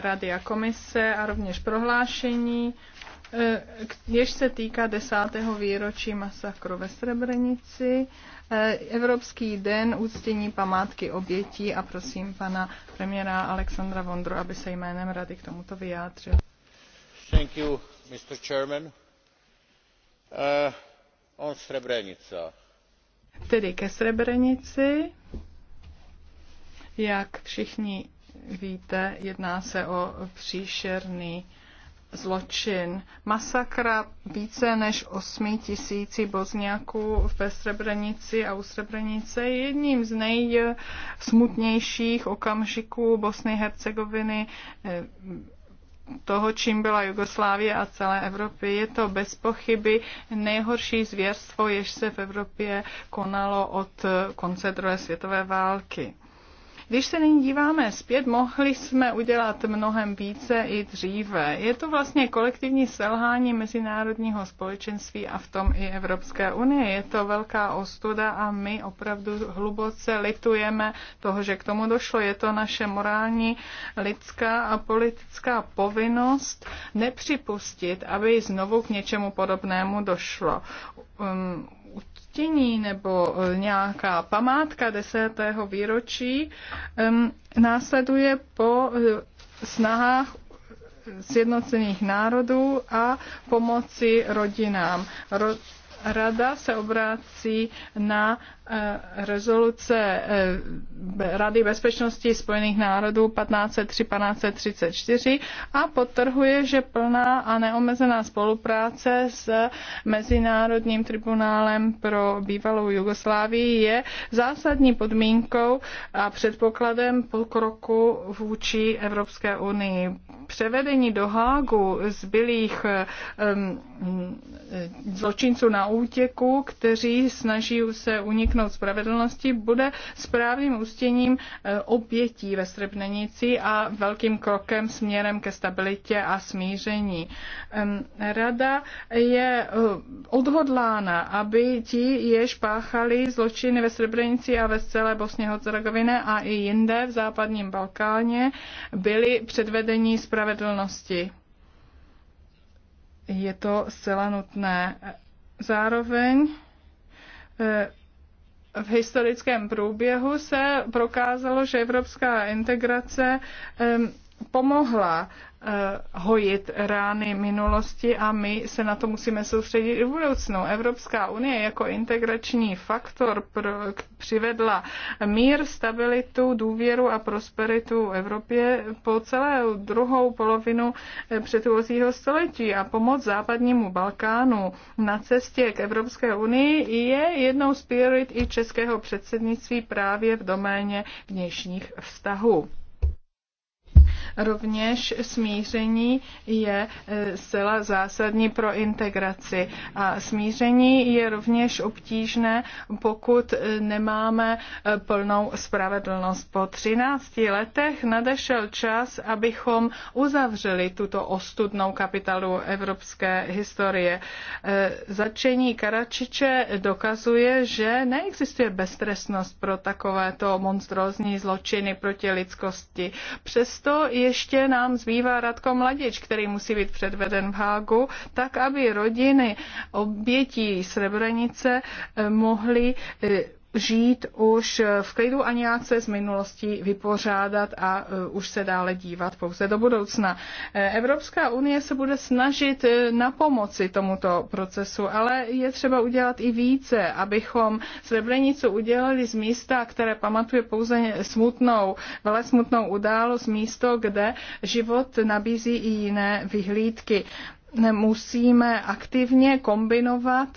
Rady a komise a rovněž prohlášení, eh, jež se týká desátého výročí masakru ve Srebrenici, eh, Evropský den úctění památky obětí a prosím pana premiéra Alexandra Vondru, aby se jménem Rady k tomuto vyjádřil. Thank you, Mr. Chairman. Uh, on Srebrenica. Tedy ke Srebrenici. Jak všichni víte, jedná se o příšerný zločin. Masakra více než 8 tisíci bozňáků ve Srebrenici a u Srebrenice je jedním z nejsmutnějších okamžiků Bosny Hercegoviny eh, toho, čím byla Jugoslávie a celé Evropy. Je to bez pochyby nejhorší zvěrstvo, jež se v Evropě konalo od konce druhé světové války. Když se nyní díváme zpět, mohli jsme udělat mnohem více i dříve. Je to vlastně kolektivní selhání mezinárodního společenství a v tom i Evropské unie. Je to velká ostuda a my opravdu hluboce litujeme toho, že k tomu došlo. Je to naše morální, lidská a politická povinnost nepřipustit, aby znovu k něčemu podobnému došlo. Um, křtění nebo e, nějaká památka desátého výročí následuje po e, snahách sjednocených národů a pomoci rodinám. Rada se obrácí na Eh, rezoluce eh, Rady bezpečnosti Spojených národů 1503-1534 a potrhuje, že plná a neomezená spolupráce s Mezinárodním tribunálem pro bývalou Jugoslávii je zásadní podmínkou a předpokladem pokroku vůči Evropské unii. Převedení do Hágu zbylých um, zločinců na útěku, kteří snaží se uniknout dosáhnout spravedlnosti, bude správným ústěním eh, obětí ve Srebrenici a velkým krokem směrem ke stabilitě a smíření. Rada je eh, odhodlána, aby ti, jež páchali zločiny ve Srebrenici a ve celé Bosně Hocerogovine a i jinde v západním Balkáně, byli předvedení spravedlnosti. Je to zcela nutné. Zároveň eh, v historickém průběhu se prokázalo, že evropská integrace pomohla Eh, hojit rány minulosti a my se na to musíme soustředit i v budoucnu. Evropská unie jako integrační faktor pro, přivedla mír, stabilitu, důvěru a prosperitu v Evropě po celou druhou polovinu eh, předchozího století a pomoc západnímu Balkánu na cestě k Evropské unii je jednou z priorit i českého předsednictví právě v doméně vnějších vztahů. Rovněž smíření je eh, zcela zásadní pro integraci a smíření je rovněž obtížné, pokud eh, nemáme eh, plnou spravedlnost. Po 13 letech nadešel čas, abychom uzavřeli tuto ostudnou kapitalu evropské historie. Začení Karačiče dokazuje, že neexistuje beztrestnost pro takovéto monstrózní zločiny proti lidskosti. Přesto ještě nám zbývá Radko Mladič, který musí být předveden v Hágu, tak aby rodiny obětí Srebrenice eh, mohly eh, žít už v klidu a nějak se z minulosti vypořádat a e, už se dále dívat pouze do budoucna. E, Evropská unie se bude snažit e, na pomoci tomuto procesu, ale je třeba udělat i více, abychom Srebrenicu udělali z místa, které pamatuje pouze smutnou, vele smutnou událost, místo, kde život nabízí i jiné vyhlídky musíme aktivně kombinovat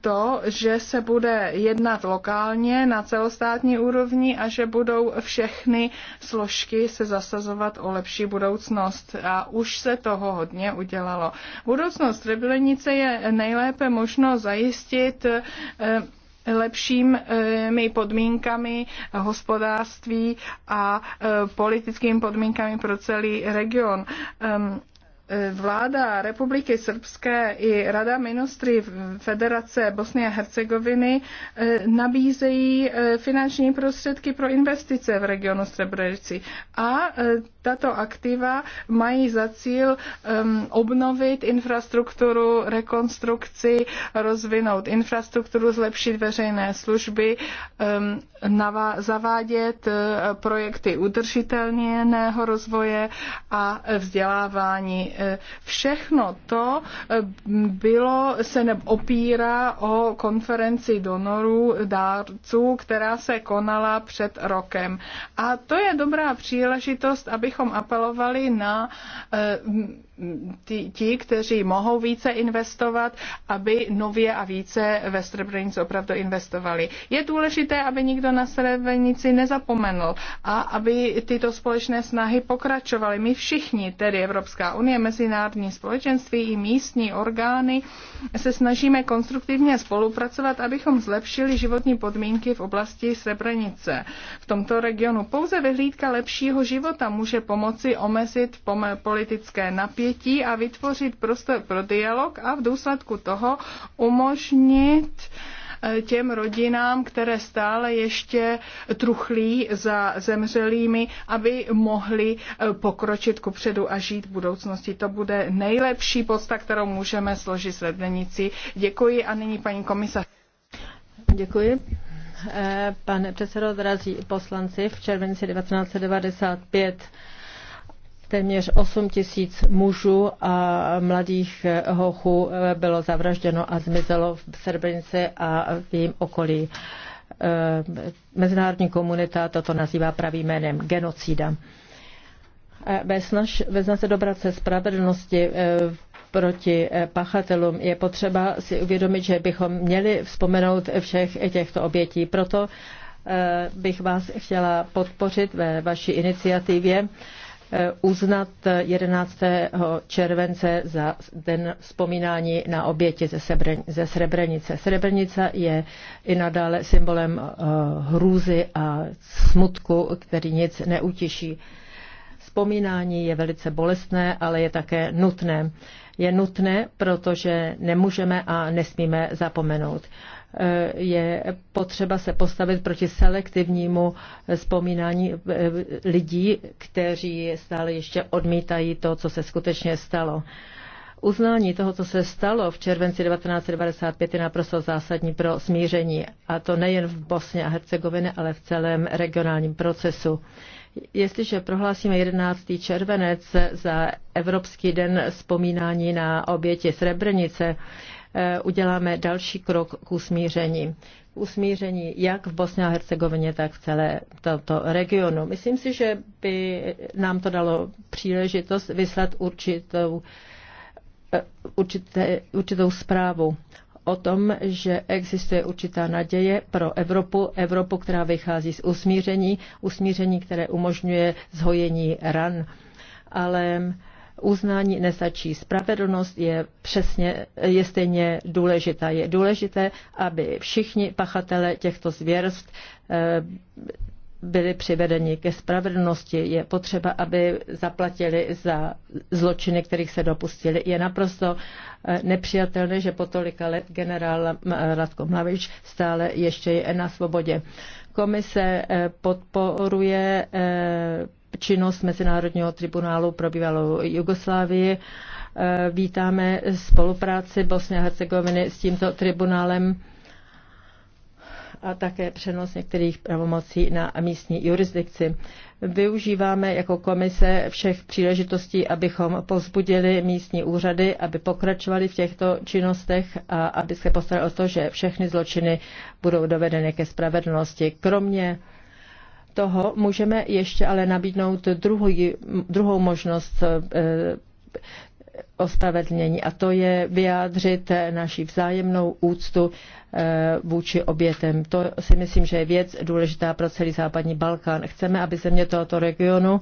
to, že se bude jednat lokálně na celostátní úrovni a že budou všechny složky se zasazovat o lepší budoucnost. A už se toho hodně udělalo. Budoucnost Rebilenice je nejlépe možno zajistit lepšími podmínkami hospodářství a politickými podmínkami pro celý region vláda Republiky Srbské i Rada ministry Federace Bosny a Hercegoviny eh, nabízejí eh, finanční prostředky pro investice v regionu Srebrenici. A eh, tato aktiva mají za cíl ehm, obnovit infrastrukturu, rekonstrukci, rozvinout infrastrukturu, zlepšit veřejné služby, ehm, zavádět projekty udržitelného rozvoje a vzdělávání Všechno to eh, bylo, se opírá o konferenci donorů dárců, která se konala před rokem. A to je dobrá příležitost, abychom apelovali na eh, ti, kteří mohou více investovat, aby nově a více ve Srebrenici opravdu investovali. Je důležité, aby nikdo na Srebrenici nezapomenul a aby tyto společné snahy pokračovaly. My všichni, tedy Evropská unie, mezinárodní společenství i místní orgány, se snažíme konstruktivně spolupracovat, abychom zlepšili životní podmínky v oblasti Srebrenice. V tomto regionu pouze vyhlídka lepšího života může pomoci omezit politické napětí napětí a vytvořit prostor pro dialog a v důsledku toho umožnit eh, těm rodinám, které stále ještě truchlí za zemřelými, aby mohli eh, pokročit kupředu a žít v budoucnosti. To bude nejlepší posta, kterou můžeme složit sledenici. Děkuji a nyní paní komisař. Děkuji. Eh, pane předsedo, drazí poslanci, v červenci 1995 Téměř 8 tisíc mužů a mladých eh, hochů eh, bylo zavražděno a zmizelo v Srebrenici a v jejím okolí. Eh, mezinárodní komunita toto nazývá pravým jménem genocída. Ve, snaž, ve snaze dobrat se spravedlnosti proti pachatelům, je potřeba si uvědomit, že bychom měli vzpomenout všech těchto obětí. Proto bych vás chtěla podpořit ve vaší iniciativě Eh, uznat 11. července za den vzpomínání na oběti ze Srebrenice. Srebrenice je i nadále symbolem eh, hrůzy a smutku, který nic neutěší. Vzpomínání je velice bolestné, ale je také nutné. Je nutné, protože nemůžeme a nesmíme zapomenout. Eh, je potřeba se postavit proti selektivnímu vzpomínání eh, lidí, kteří stále ještě odmítají to, co se skutečně stalo. Uznání toho, co se stalo v červenci 1995, je naprosto zásadní pro smíření, a to nejen v Bosně a Hercegovině, ale v celém regionálním procesu. Jestliže prohlásíme 11. červenec za Evropský den vzpomínání na oběti Srebrenice, Eh, uděláme další krok k usmíření. K usmíření jak v Bosně a Hercegovině, tak v celé tomto regionu. Myslím si, že by nám to dalo příležitost vyslat určitou, eh, určité, určitou zprávu o tom, že existuje určitá naděje pro Evropu, Evropu, která vychází z usmíření, usmíření, které umožňuje zhojení ran. Ale uh, uznání nestačí. Spravedlnost je přesně, je stejně důležitá. Je důležité, aby všichni pachatele těchto zvěrst eh, byli přivedeni ke spravedlnosti. Je potřeba, aby zaplatili za zločiny, kterých se dopustili. Je naprosto eh, nepřijatelné, že po tolika let generál Radko Mlavič stále ještě je na svobodě. Komise eh, podporuje činnost Mezinárodního tribunálu pro bývalou Jugoslávii. Eh, vítáme spolupráci Bosny a Hercegoviny s tímto tribunálem a také přenos některých pravomocí na místní jurisdikci. Využíváme jako komise všech příležitostí, abychom pozbudili místní úřady, aby pokračovali v těchto činnostech a aby se postarali o to, že všechny zločiny budou dovedeny ke spravedlnosti, kromě toho můžeme ještě ale nabídnout druhý, druhou možnost eh, eh, ospravedlnění a to je vyjádřit naši vzájemnou úctu eh, vůči obětem. To si myslím, že je věc důležitá pro celý západní Balkán. Chceme, aby země tohoto regionu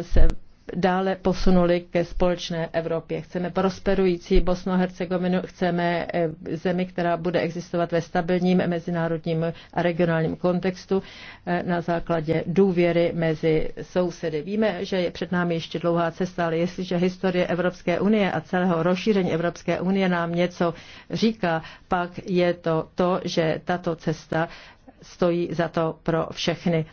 se dále posunuli ke společné Evropě. Chceme prosperující Bosnu-Hercegovinu, chceme eh, zemi, která bude existovat ve stabilním mezinárodním a regionálním kontextu eh, na základě důvěry mezi sousedy. Víme, že je před námi ještě dlouhá cesta, ale jestliže historie Evropské unie a celého rozšíření Evropské unie nám něco říká, pak je to to, že tato cesta stojí za to pro všechny.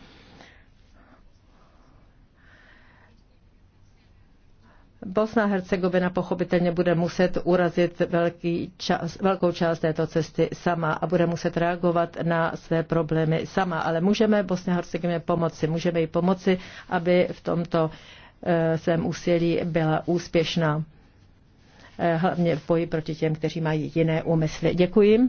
Bosna a Hercegovina pochopitelně bude muset urazit velký čas, velkou část této cesty sama a bude muset reagovat na své problémy sama, ale můžeme Bosně a Hercegovině pomoci, můžeme jí pomoci, aby v tomto eh, svém úsilí byla úspěšná, eh, hlavně v boji proti těm, kteří mají jiné úmysly. Děkuji.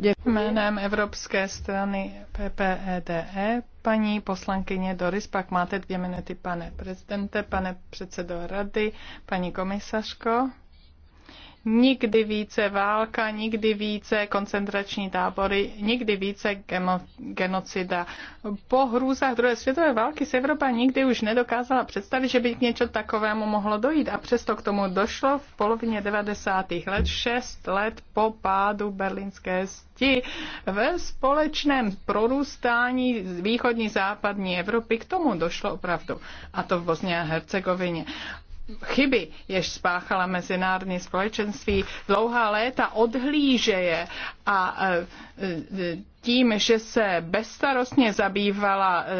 Děkuji. Jménem Evropské strany PPEDE e, paní poslankyně Doris, pak máte dvě minuty, pane prezidente, pane předsedo rady, paní komisařko nikdy více válka, nikdy více koncentrační tábory, nikdy více genocida. Po hrůzách druhé světové války se Evropa nikdy už nedokázala představit, že by k něčo takovému mohlo dojít a přesto k tomu došlo v polovině 90. let, šest let po pádu berlínské zdi. Ve společném prorůstání východní západní Evropy k tomu došlo opravdu. A to v Bosně a Hercegovině chyby, jež spáchala mezinárodní společenství, dlouhá léta odhlíže je a e, e, tím, že se bezstarostně zabývala e,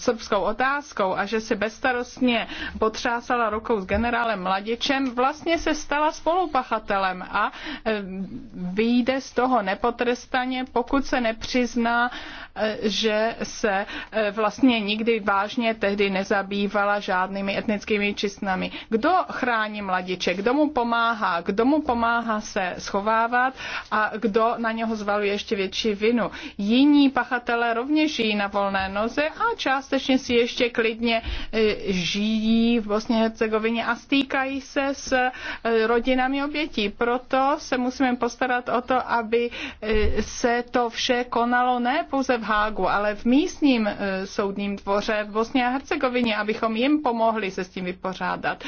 srbskou otázkou a že se bezstarostně potřásala rukou s generálem Mladičem, vlastně se stala spolupachatelem a e, vyjde z toho nepotrestaně, pokud se nepřizná, e, že se e, vlastně nikdy vážně tehdy nezabývala žádnými etnickými čistnami. Kdo chrání Mladiče? Kdo mu pomáhá? Kdo mu pomáhá se schovávat? A kdo na něho zvaluje ještě větší vinu? činu. Jiní pachatelé rovněž žijí na volné noze a částečně si ještě klidně e, žijí v Bosně a Hercegovině a stýkají se s e, rodinami obětí. Proto se musíme postarat o to, aby e, se to vše konalo ne pouze v Hágu, ale v místním soudním dvoře v Bosně a Hercegovině, abychom jim pomohli se s tím vypořádat.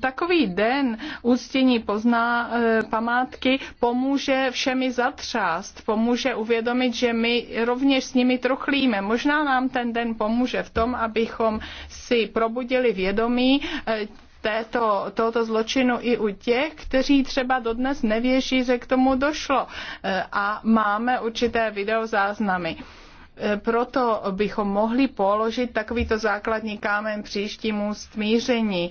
Takový den úctění pozná památky pomůže všemi zatřást, pomůže uvědomit, uvědomit, že my rovněž s nimi trochlíme. Možná nám ten den pomůže v tom, abychom si probudili vědomí eh, této, tohoto zločinu i u těch, kteří třeba dodnes nevěří, že k tomu došlo. Eh, a máme určité videozáznamy. záznamy proto bychom mohli položit takovýto základní kámen příštímu smíření,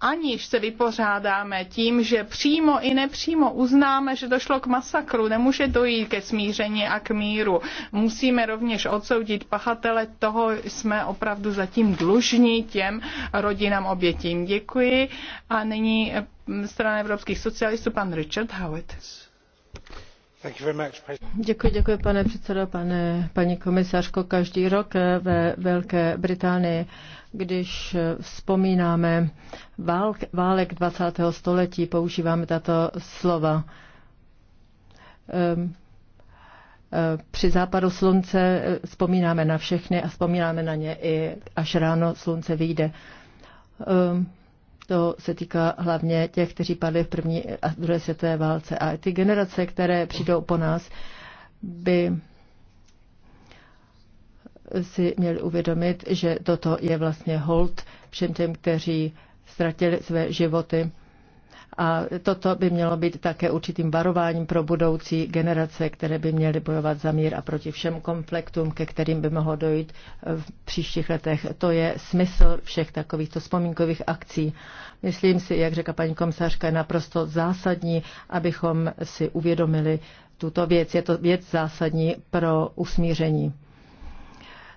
aniž se vypořádáme tím, že přímo i nepřímo uznáme, že došlo k masakru, nemůže dojít ke smíření a k míru. Musíme rovněž odsoudit pachatele, toho jsme opravdu zatím dlužní těm rodinám obětím. Děkuji. A nyní strana evropských socialistů, pan Richard Howitt. Děkuji, děkuji, pane předsedo, pane, paní komisařko. Každý rok ve Velké Británii, když vzpomínáme válk, válek 20. století, používáme tato slova. Ehm, ehm, při západu slunce eh, vzpomínáme na všechny a vzpomínáme na ně i až ráno slunce vyjde. Ehm, to se týká hlavně těch, kteří padli v první a druhé světové válce. A ty generace, které přijdou po nás, by si měli uvědomit, že toto je vlastně hold všem těm, kteří ztratili své životy a toto by mělo být také určitým varováním pro budoucí generace, které by měly bojovat za mír a proti všem konfliktům, ke kterým by mohlo dojít v příštích letech. To je smysl všech takovýchto vzpomínkových akcí. Myslím si, jak řekla paní komisařka, je naprosto zásadní, abychom si uvědomili tuto věc. Je to věc zásadní pro usmíření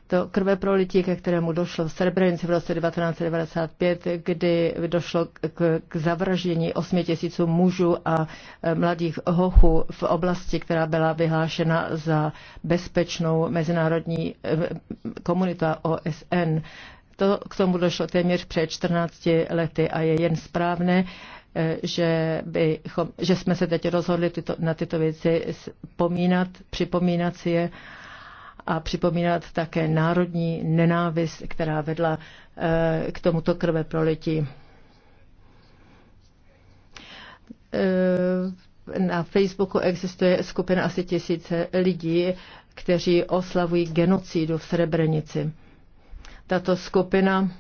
to krve prolití, ke kterému došlo v Srebrenici v roce 1995, kdy došlo k, k zavraždění 8 tisíců mužů a e, mladých hochů v oblasti, která byla vyhlášena za bezpečnou mezinárodní e, komunita OSN. To k tomu došlo téměř před 14 lety a je jen správné, e, že, bychom, že jsme se teď rozhodli tyto, na tyto věci připomínat si je a připomínat také národní nenávist, která vedla eh, k tomuto krve prolití. Eh, na Facebooku existuje skupina asi tisíce lidí, kteří oslavují genocidu v Srebrenici. Tato skupina,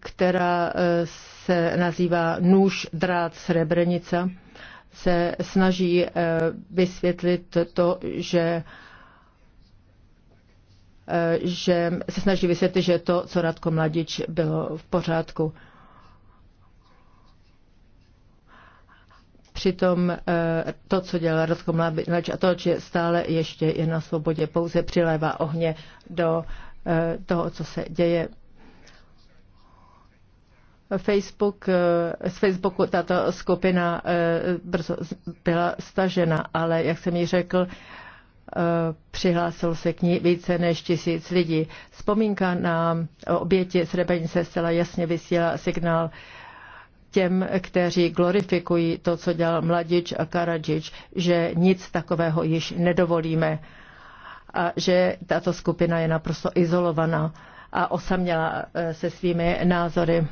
která eh, se nazývá Nůž drát Srebrenica, se snaží eh, vysvětlit to, že eh, že se snaží vysvětlit, že to, co Radko Mladič bylo v pořádku. Přitom eh, to, co dělal Radko Mladič a to, že stále ještě je na svobodě, pouze přilévá ohně do toho, co se děje Facebook, eh, z Facebooku tato skupina eh, brzo byla stažena, ale jak jsem ji řekl, eh, přihlásil se k ní více než tisíc lidí. Vzpomínka na oběti Srebrenice zcela jasně vysílá signál těm, kteří glorifikují to, co dělal Mladič a Karadžič, že nic takového již nedovolíme a že tato skupina je naprosto izolovaná a osaměla se svými názory.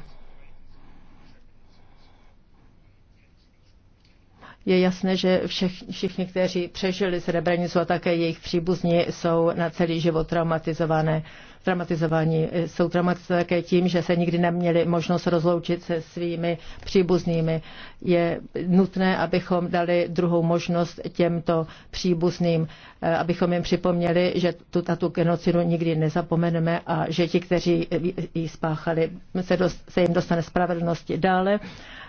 Je jasné, že všech, všichni, kteří přežili Srebrenicu a také jejich příbuzní, jsou na celý život traumatizované. Traumatizovaní jsou traumatizováni také tím, že se nikdy neměli možnost rozloučit se svými příbuznými. Je nutné, abychom dali druhou možnost těmto příbuzným, eh, abychom jim připomněli, že tu, tu genocidu nikdy nezapomeneme a že ti, kteří ji spáchali, se, dost, se jim dostane spravedlnosti. Dále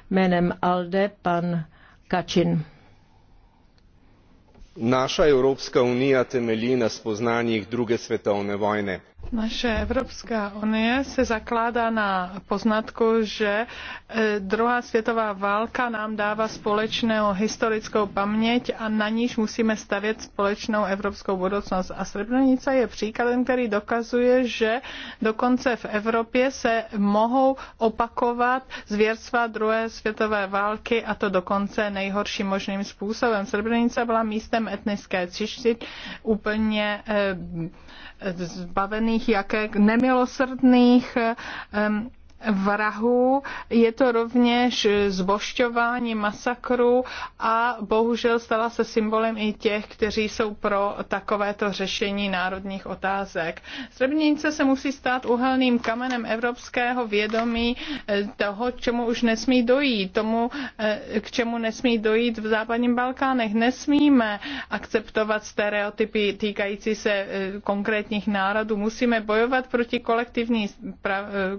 jménem ALDE pan Kačin. Naša Evropska unija temelji na spoznanjih druge svetovne vojne naše Evropská unie se zakládá na poznatku, že e, druhá světová válka nám dává společnou historickou paměť a na níž musíme stavět společnou evropskou budoucnost. A Srebrenica je příkladem, který dokazuje, že dokonce v Evropě se mohou opakovat zvěrstva druhé světové války a to dokonce nejhorším možným způsobem. Srebrenica byla místem etnické čištit úplně eh, zbavených jaké nemilosrdných eh, vrahů, je to rovněž zbošťování masakru a bohužel stala se symbolem i těch, kteří jsou pro takovéto řešení národních otázek. Srebrenice se musí stát uhelným kamenem evropského vědomí eh, toho, čemu už nesmí dojít, tomu, eh, k čemu nesmí dojít v západním Balkánech. Nesmíme akceptovat stereotypy týkající se eh, konkrétních národů. Musíme bojovat proti kolektivní,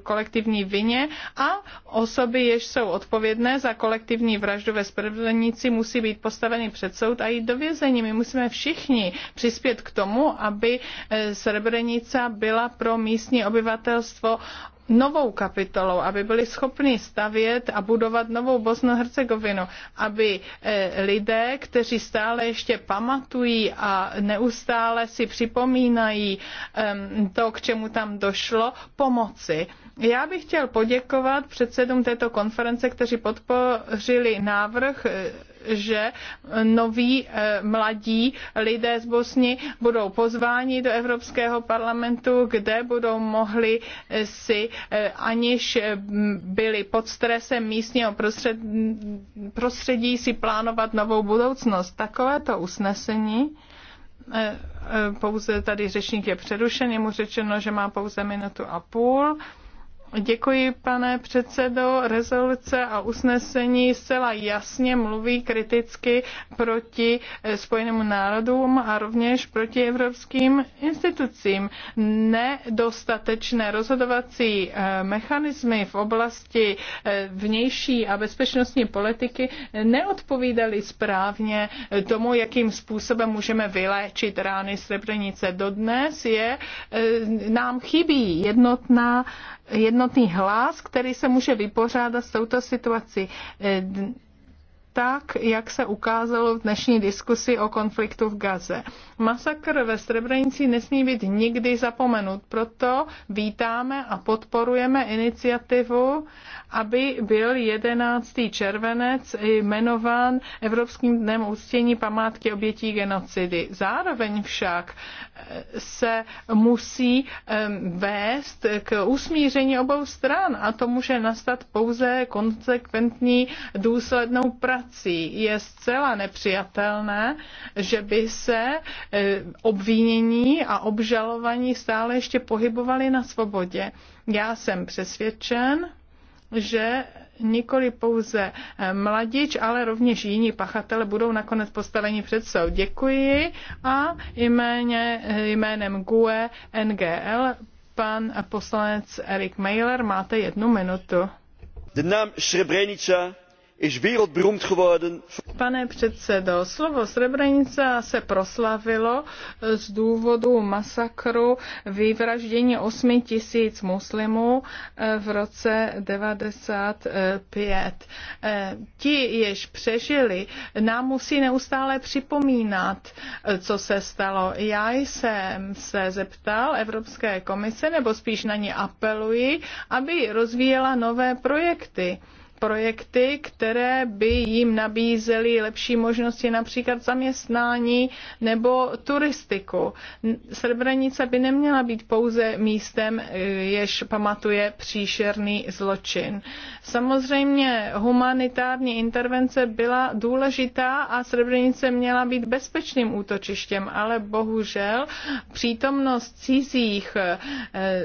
kolektivní vině a osoby, jež jsou odpovědné za kolektivní vraždu ve spravedlnici, musí být postaveny před soud a jít do vězení. My musíme všichni přispět k tomu, aby eh, Srebrenica byla pro místní obyvatelstvo novou kapitolou, aby byli schopni stavět a budovat novou Bosnu-Hercegovinu, aby eh, lidé, kteří stále ještě pamatují a neustále si připomínají ehm, to, k čemu tam došlo, pomoci. Já bych chtěl poděkovat předsedům této konference, kteří podpořili návrh, že noví eh, mladí lidé z Bosny budou pozváni do Evropského parlamentu, kde budou mohli eh, si, eh, aniž byli pod stresem místního prostředí, si plánovat novou budoucnost. Takovéto usnesení pouze tady řečník je přerušen, je mu řečeno, že má pouze minutu a půl. Děkuji, pane předsedo. Rezoluce a usnesení zcela jasně mluví kriticky proti eh, Spojenému národům a rovněž proti evropským institucím. Nedostatečné rozhodovací eh, mechanismy v oblasti eh, vnější a bezpečnostní politiky neodpovídaly správně tomu, jakým způsobem můžeme vyléčit rány Srebrenice. Dodnes je, nám chybí jednotná, jednotná jednotný hlas, který se může vypořádat s touto situací e, tak, jak se ukázalo v dnešní diskusi o konfliktu v Gaze. Masakr ve Srebrenici nesmí být nikdy zapomenut, proto vítáme a podporujeme iniciativu aby byl 11. červenec jmenován Evropským dnem ústění památky obětí genocidy. Zároveň však eh, se musí vést k usmíření obou stran a to může nastat pouze konsekventní důslednou prací. Je zcela nepřijatelné, že by se eh, obvinění a obžalovaní stále ještě pohybovali na svobodě. Já jsem přesvědčen, že nikoli pouze eh, mladič, ale rovněž jiní pachatele budou nakonec postaveni před soud. Děkuji a jméně, eh, jménem GUE NGL pan poslanec Erik Mailer, máte jednu minutu. Srebrenica is wereldberoemd geworden. Pane předsedo, slovo Srebrenica se proslavilo z důvodu masakru vyvraždění 8 tisíc muslimů eh, v roce 95. Eh, ti, jež přežili, nám musí neustále připomínat, eh, co se stalo. Já jsem se zeptal Evropské komise, nebo spíš na ní apeluji, aby rozvíjela nové projekty projekty, které by jim nabízely lepší možnosti například zaměstnání nebo turistiku. Srebrenice by neměla být pouze místem, jež pamatuje příšerný zločin. Samozřejmě humanitární intervence byla důležitá a Srebrenice měla být bezpečným útočištěm, ale bohužel přítomnost cizích eh,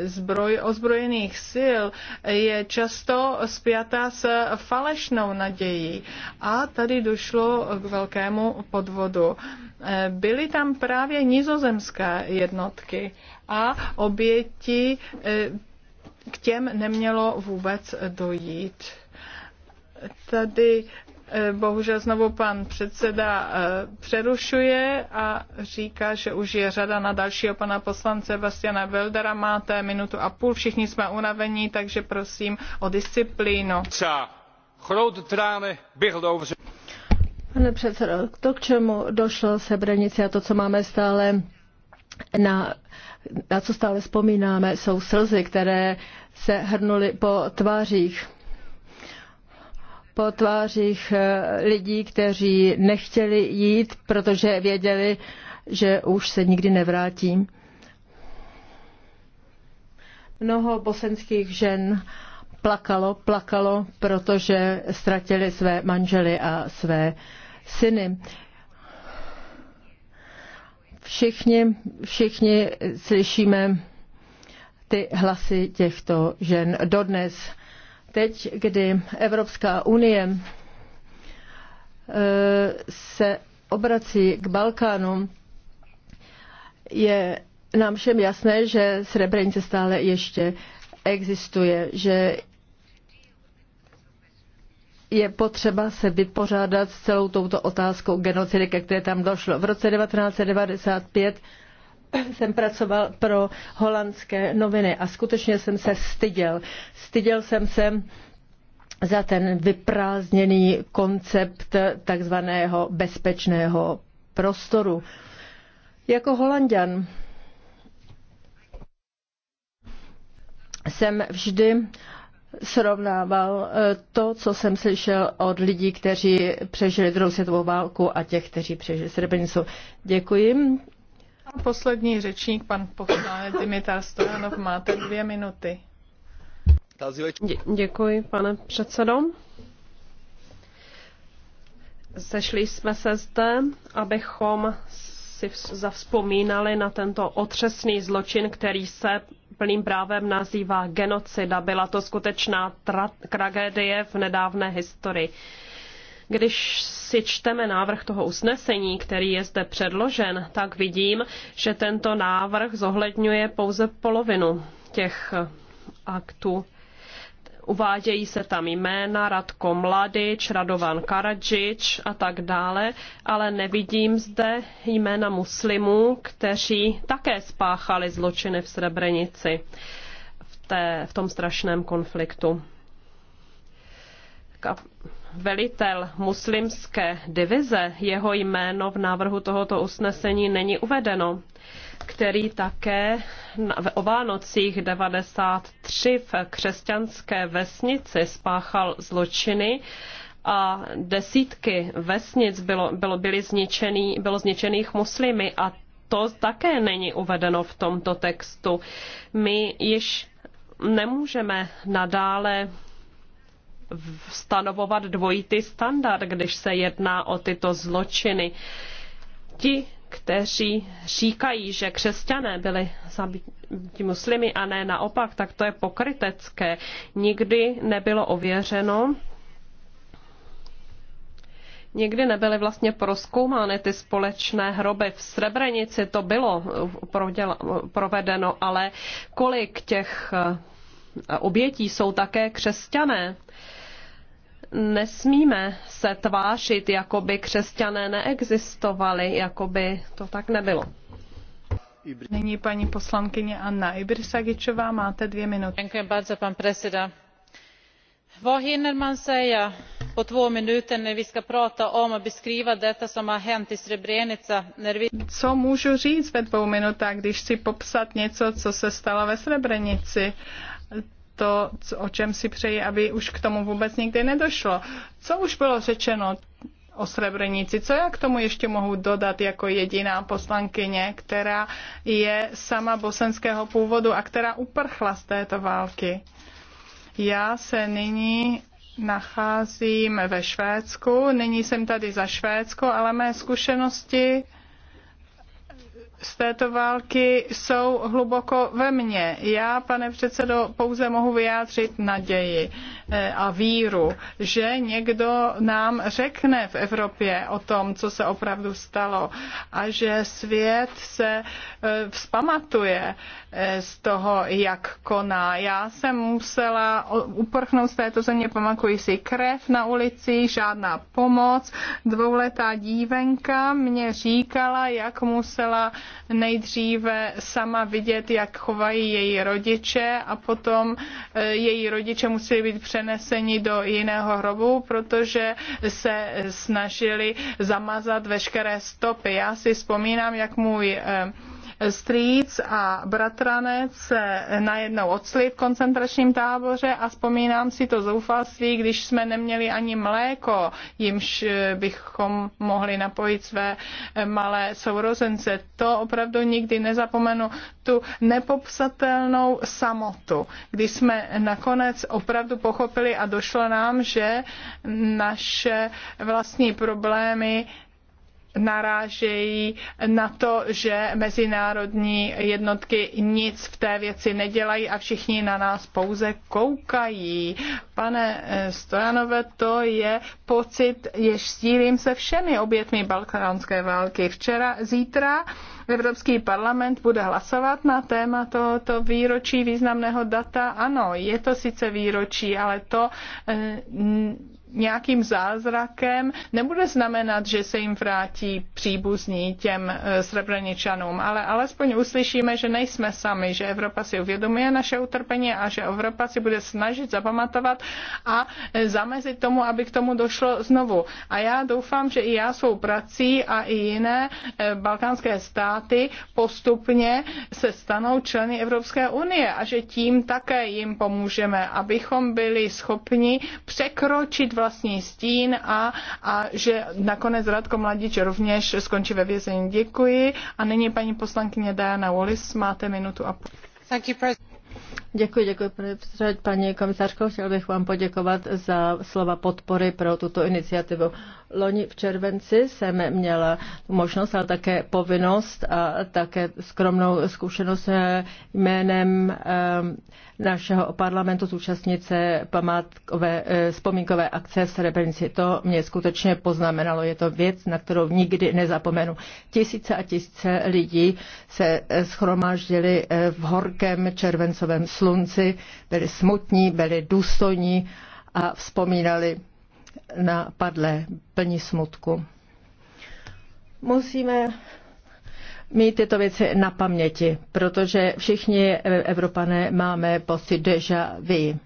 zbroj, ozbrojených sil je často spjatá s falešnou naději A tady došlo k velkému podvodu. Eh, byly tam právě nizozemské jednotky a oběti eh, k těm nemělo vůbec dojít. Tady eh, bohužel znovu pan předseda přerušuje a říká, že už je řada na dalšího pana poslance Bastiana Veldera. Máte minutu a půl, všichni jsme unavení, takže prosím o disciplínu. Co? grote tranen over zijn. Pane předsedo, to, k čemu došlo v a to, co máme stále na, na co stále vzpomínáme, jsou slzy, které se hrnuly po tvářích po tvářích eh, lidí, kteří nechtěli jít, protože věděli, že už se nikdy nevrátí. Mnoho bosenských žen plakalo, plakalo, protože ztratili své manžely a své syny. Všichni, všichni slyšíme ty hlasy těchto žen dodnes. Teď, kdy Evropská unie e, se obrací k Balkánu, je nám všem jasné, že Srebrenice stále ještě existuje, že je potřeba se vypořádat s celou touto otázkou genocidy, ke které tam došlo. V roce 1995 jsem pracoval pro holandské noviny a skutečně jsem se styděl. Styděl jsem se za ten vyprázdněný koncept takzvaného bezpečného prostoru. Jako holanděn jsem vždy srovnával eh, to, co jsem slyšel od lidí, kteří přežili druhou světovou válku a těch, kteří přežili Srebrenicu. Děkuji. A poslední řečník, pan poslanec Dimitar Stojanov, máte dvě minuty. Děkuji, pane předsedo. Sešli jsme se zde, abychom si zavzpomínali na tento otřesný zločin, který se plným právem nazývá genocida. Byla to skutečná tragédie v nedávné historii. Když si čteme návrh toho usnesení, který je zde předložen, tak vidím, že tento návrh zohledňuje pouze polovinu těch aktů Uvádějí se tam jména Radko Mladič, Radovan Karadžič a tak dále, ale nevidím zde jména muslimů, kteří také spáchali zločiny v Srebrenici v, té, v tom strašném konfliktu. Velitel muslimské divize, jeho jméno v návrhu tohoto usnesení není uvedeno který také o Vánocích 93 v křesťanské vesnici spáchal zločiny a desítky vesnic bylo, bylo, byly zničený, bylo zničených muslimy a to také není uvedeno v tomto textu. My již nemůžeme nadále stanovovat dvojitý standard, když se jedná o tyto zločiny. Ti kteří říkají, že křesťané byli zabiti muslimy a ne naopak, tak to je pokrytecké. Nikdy nebylo ověřeno, nikdy nebyly vlastně proskoumány ty společné hroby. V Srebrenici to bylo eh, provedeno, ale kolik těch eh, obětí jsou také křesťané? nesmíme se tvářit, jako by křesťané neexistovali, jako by to tak nebylo. Nyní paní poslankyně Anna Ibrisagičová, máte dvě minuty. Děkuji bardzo, pan preseda. Vad hinner man säga på två minuter när vi ska prata om och beskriva detta som har hänt i Srebrenica? När vi... Co můžu říct ve dvou minutách, když chci popsat něco, co se stalo ve Srebrenici? to, o čem si přeji, aby už k tomu vůbec nikdy nedošlo. Co už bylo řečeno o Srebrenici? Co já k tomu ještě mohu dodat jako jediná poslankyně, která je sama bosenského původu a která uprchla z této války? Já se nyní nacházím ve Švédsku, nyní jsem tady za Švédsko, ale mé zkušenosti z této války jsou hluboko ve mně. Já, pane předsedo, pouze mohu vyjádřit naději eh, a víru, že někdo nám řekne v Evropě o tom, co se opravdu stalo a že svět se eh, vzpamatuje eh, z toho, jak koná. Já jsem musela uprchnout z této země, pamatuji si krev na ulici, žádná pomoc. Dvouletá dívenka mě říkala, jak musela nejdříve sama vidět, jak chovají její rodiče a potom e, její rodiče museli být přeneseni do jiného hrobu, protože se snažili zamazat veškeré stopy. Já si vzpomínám, jak můj e, strýc a bratranec se najednou ocli v koncentračním táboře a vzpomínám si to zoufalství, když jsme neměli ani mléko, jimž eh, bychom mohli napojit své eh, malé sourozence. To opravdu nikdy nezapomenu, tu nepopsatelnou samotu, kdy jsme nakonec opravdu pochopili a došlo nám, že naše vlastní problémy narážejí na to, že mezinárodní jednotky nic v té věci nedělají a všichni na nás pouze koukají. Pane eh, Stojanové, to je pocit, jež sdílím se všemi obětmi balkánské války. Včera, zítra Evropský parlament bude hlasovat na téma tohoto výročí významného data. Ano, je to sice výročí, ale to eh, nějakým zázrakem nebude znamenat, že se jim vrátí příbuzní těm eh, srebraničanům, ale alespoň uslyšíme, že nejsme sami, že Evropa si uvědomuje naše utrpení a že Evropa si bude snažit zapamatovat a eh, zamezit tomu, aby k tomu došlo znovu. A já doufám, že i já svou prací a i jiné eh, balkánské státy postupně se stanou členy Evropské unie a že tím také jim pomůžeme, abychom byli schopni překročit vlastní stín a, a že nakonec Radko Mladič rovněž skončí ve vězení. Děkuji. A nyní paní poslankyně Diana Wallis, máte minutu a půl. Děkuji, děkuji, paní komisařko. Chtěl bych vám poděkovat za slova podpory pro tuto iniciativu. Loni v červenci jsem měla možnost, ale také povinnost a také skromnou zkušenost jménem um, našeho parlamentu zúčastnit se památkové, eh, vzpomínkové akce v Srebrenici. To mě skutečně poznamenalo. Je to věc, na kterou nikdy nezapomenu. Tisíce a tisíce lidí se eh, schromáždili eh, v horkém červencovém slunci, byli smutní, byli důstojní a vzpomínali na padlé plní smutku. Musíme mít tyto věci na paměti, protože všichni Evropané máme pocit deja vu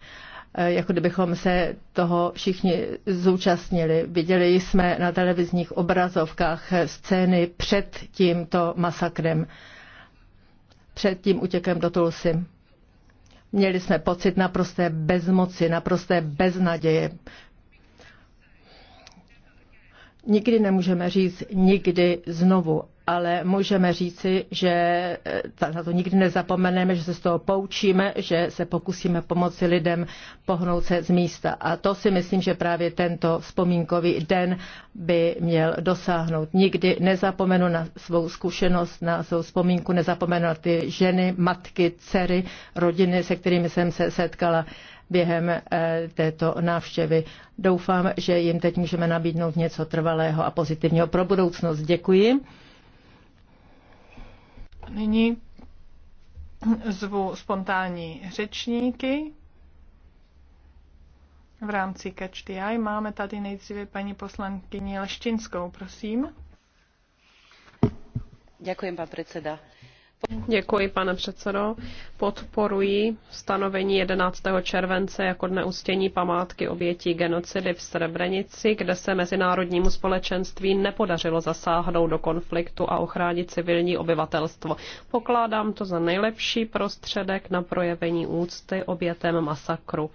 eh, jako kdybychom se toho všichni zúčastnili. Viděli jsme na televizních obrazovkách scény před tímto masakrem, před tím utěkem do Tulsy. Měli jsme pocit naprosté bezmoci, naprosté beznaděje. Nikdy nemůžeme říct nikdy znovu, ale můžeme říci, že eh, na to nikdy nezapomeneme, že se z toho poučíme, že se pokusíme pomoci lidem pohnout se z místa. A to si myslím, že právě tento vzpomínkový den by měl dosáhnout. Nikdy nezapomenu na svou zkušenost, na svou vzpomínku, nezapomenu na ty ženy, matky, dcery, rodiny, se kterými jsem se setkala během eh, této návštěvy. Doufám, že jim teď můžeme nabídnout něco trvalého a pozitivního pro budoucnost. Děkuji nyní zvu spontánní řečníky. V rámci Catch the Eye máme tady nejdříve paní poslankyni Leštinskou, prosím. Děkuji, pan předseda Děkuji, pane předsedo. Podporuji stanovení 11. července jako dne ustění památky obětí genocidy v Srebrenici, kde se mezinárodnímu společenství nepodařilo zasáhnout do konfliktu a ochránit civilní obyvatelstvo. Pokládám to za nejlepší prostředek na projevení úcty obětem masakru.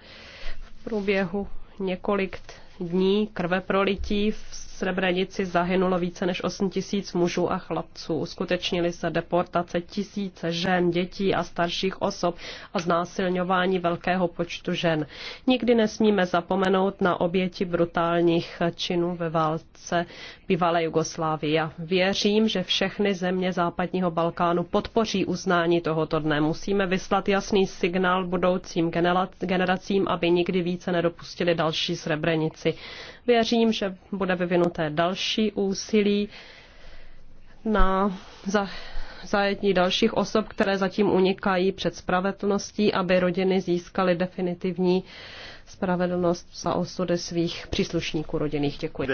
V průběhu několik dní krve prolití v Srebrenici zahynulo více než 8 tisíc mužů a chlapců. Uskutečnili se deportace tisíce žen, dětí a starších osob a znásilňování velkého počtu žen. Nikdy nesmíme zapomenout na oběti brutálních činů ve válce bývalé Jugoslávie. Věřím, že všechny země západního Balkánu podpoří uznání tohoto dne. Musíme vyslat jasný signál budoucím generacím, aby nikdy více nedopustili další Srebrenici. Věřím, že bude vyvinuté další úsilí na za, zajetí dalších osob, které zatím unikají před spravedlností, aby rodiny získaly definitivní spravedlnost za osudy svých příslušníků rodinných. Děkuji.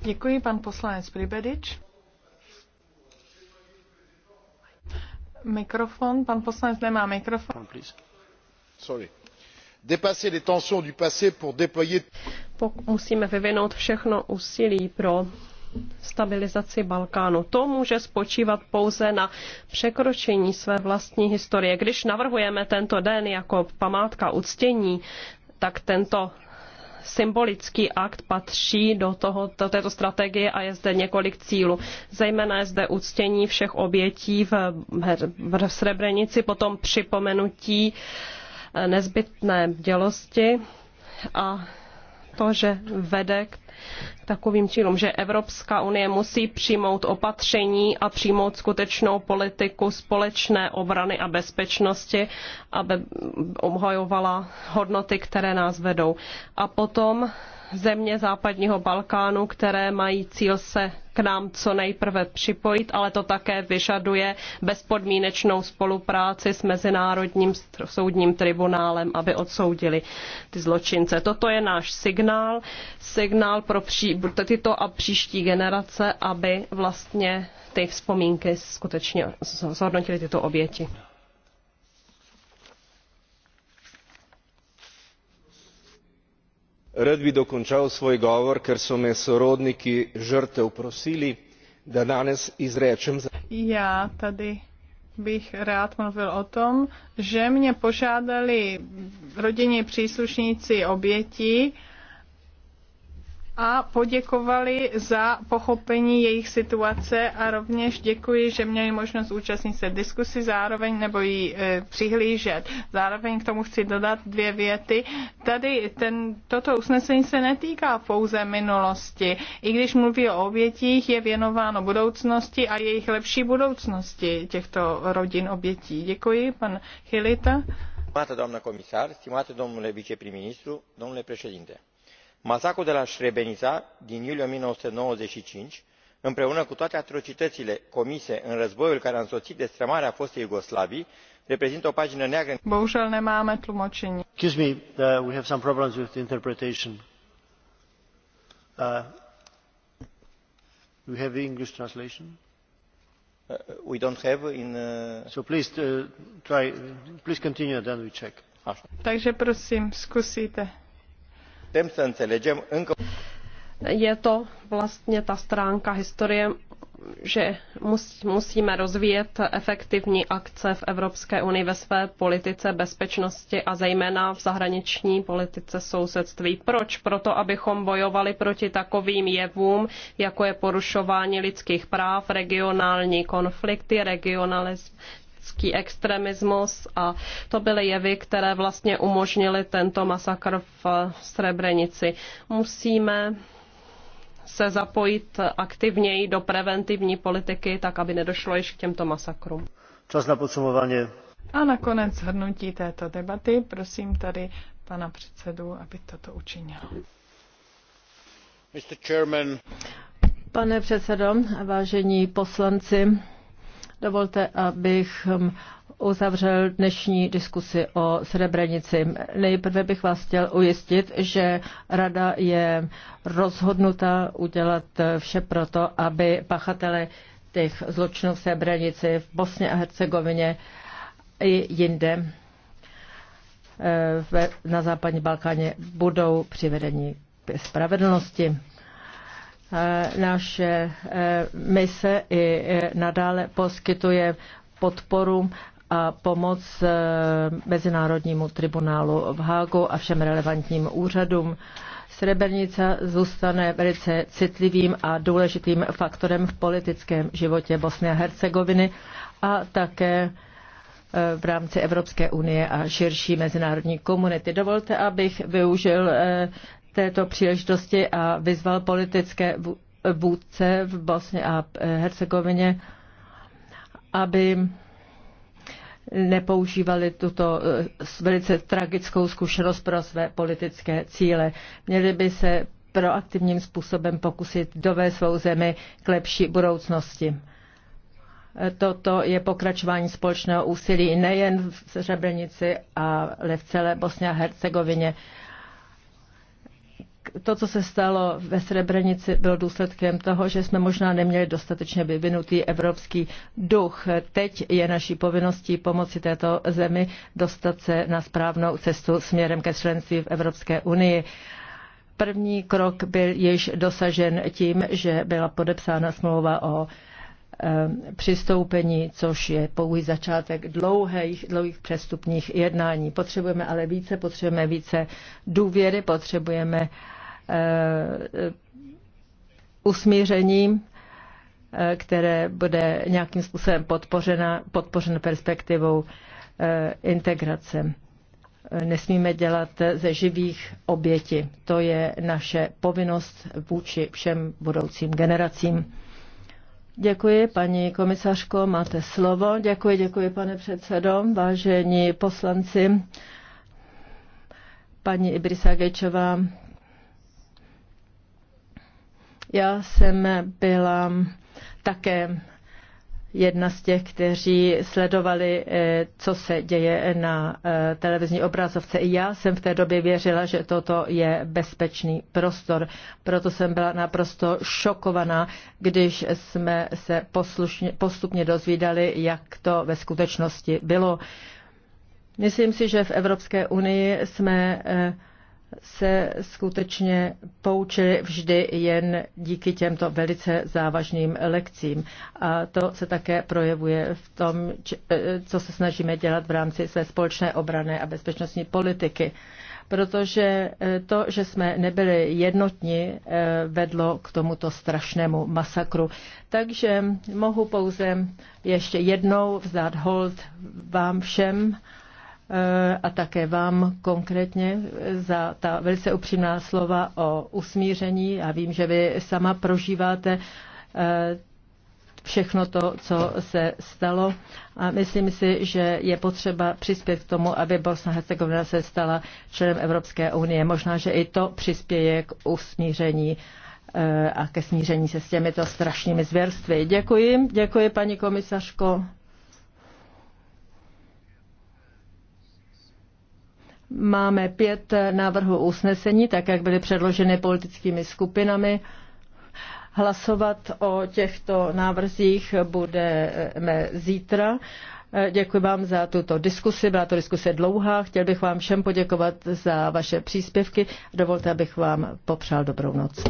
Děkuji, pan poslanec Pribedič. Mikrofon, pan poslanec nemá mikrofon. Sorry dépasser les tensions du passé pour déployer. musíme vyvinout všechno úsilí pro stabilizaci Balkánu. To může spočívat pouze na překročení své vlastní historie. Když navrhujeme tento den jako památka uctění, tak tento symbolický akt patří do, toho, do této strategie a je zde několik cílů. Zejména je zde uctění všech obětí v, v Srebrenici, potom připomenutí uh, nezbytné dělosti a to, že vede k takovým činům, že Evropská unie musí přijmout opatření a přijmout skutečnou politiku společné obrany a bezpečnosti, aby obhajovala hodnoty, které nás vedou. A potom země západního Balkánu, které mají cíl se k nám co nejprve připojit, ale to také vyžaduje bezpodmínečnou spolupráci s Mezinárodním soudním tribunálem, aby odsoudili ty zločince. Toto je náš signál, signál pro pří, tyto a příští generace, aby vlastně ty vzpomínky skutečně zhodnotili tyto oběti. rad bi dokončal svoj govor ker so me sorodniki žrtev prosili da danes izrečem. já tady bych rád mluvil o tom že mě požádali rodinní příslušníci obětí a poděkovali za pochopení jejich situace a rovněž děkuji, že měli možnost účastnit se diskusi zároveň nebo ji e, přihlížet. Zároveň k tomu chci dodat dvě věty. Tady ten, toto usnesení se netýká pouze minulosti. I když mluví o obětích, je věnováno budoucnosti a jejich lepší budoucnosti těchto rodin obětí. Děkuji, pan Chilita. Máte doamnă komisár, máte domnule viceprim-ministru, domnule președinte masacrul de la srebrenica din iulie o mie nouă sute nouăzeci și cinci împreună cu toate atrocitățile comise în războiul care a însoit destrămarea fostei iugoslavii reprezintă o pagină neagră bohužel takže prosím zkusíte. Putem să înțelegem încă... Je to vlastně ta stránka historie, že musíme rozvíjet efektivní akce v Evropské unii ve své politice bezpečnosti a zejména v zahraniční politice sousedství. Proč? Proto, abychom bojovali proti takovým jevům, jako je porušování lidských práv, regionální konflikty, regionalismus islamistický extremismus a to byly jevy, které vlastně umožnily tento masakr v Srebrenici. Musíme se zapojit aktivněji do preventivní politiky, tak aby nedošlo již k těmto masakrům. Čas na podsumování. A nakonec zhrnutí této debaty. Prosím tady pana předsedu, aby toto učinil. Pane předsedo, vážení poslanci, Dovolte, abych hm, uzavřel dnešní diskusi o Srebrenici. Nejprve bych vás chtěl ujistit, že Rada je rozhodnuta udělat vše proto, aby pachatele těch zločinů v Srebrenici, v Bosně a Hercegovině i jinde eh, na západní Balkáně budou přivedeni k spravedlnosti. Eh, naše eh, mise i eh, nadále poskytuje podporu a pomoc Mezinárodnímu tribunálu v Hágu a všem relevantním úřadům. Srebrnica zůstane velice citlivým a důležitým faktorem v politickém životě Bosny a Hercegoviny a také v rámci Evropské unie a širší mezinárodní komunity. Dovolte, abych využil této příležitosti a vyzval politické vůdce v Bosně a Hercegovině, aby nepoužívali tuto eh, velice tragickou zkušenost pro své politické cíle. Měli by se proaktivním způsobem pokusit dovést svou zemi k lepší budoucnosti. Toto je pokračování společného úsilí nejen v Řebelnici, ale v celé Bosně a Hercegovině to, co se stalo ve Srebrenici, bylo důsledkem toho, že jsme možná neměli dostatečně vyvinutý evropský duch. Teď je naší povinností pomoci této zemi dostat se na správnou cestu směrem ke členství v Evropské unii. První krok byl již dosažen tím, že byla podepsána smlouva o přistoupení, což je pouhý začátek dlouhých, dlouhých přestupních jednání. Potřebujeme ale více, potřebujeme více důvěry, potřebujeme uh, Eh, usmířením, eh, které bude nějakým způsobem podpořena, podpořena perspektivou eh, integrace. Nesmíme dělat ze živých oběti. To je naše povinnost vůči všem budoucím generacím. Děkuji, paní komisařko, máte slovo. Děkuji, děkuji, pane předsedo, vážení poslanci. Paní Ibrisa Gejčová, já jsem byla také jedna z těch, kteří sledovali, eh, co se děje na eh, televizní obrazovce. I já jsem v té době věřila, že toto je bezpečný prostor. Proto jsem byla naprosto šokovaná, když jsme se poslušně, postupně dozvídali, jak to ve skutečnosti bylo. Myslím si, že v Evropské unii jsme eh, se skutečně poučili vždy jen díky těmto velice závažným lekcím. A to se také projevuje v tom, eh, co se snažíme dělat v rámci své společné obrany a bezpečnostní politiky. Protože eh, to, že jsme nebyli jednotní, eh, vedlo k tomuto strašnému masakru. Takže mohu pouze ještě jednou vzdát hold vám všem Eh, a také vám konkrétně za ta velice upřímná slova o usmíření. Já vím, že vy sama prožíváte eh, všechno to, co se stalo. A myslím si, že je potřeba přispět k tomu, aby Bosna Hercegovina se stala členem Evropské unie. Možná, že i to přispěje k usmíření eh, a ke smíření se s těmito strašnými zvěrstvy. Děkuji, děkuji paní komisařko. Máme pět návrhů usnesení, tak jak byly předloženy politickými skupinami. Hlasovat o těchto návrzích budeme zítra. Děkuji vám za tuto diskusi, byla to diskuse dlouhá. Chtěl bych vám všem poděkovat za vaše příspěvky. Dovolte, abych vám popřál dobrou noc.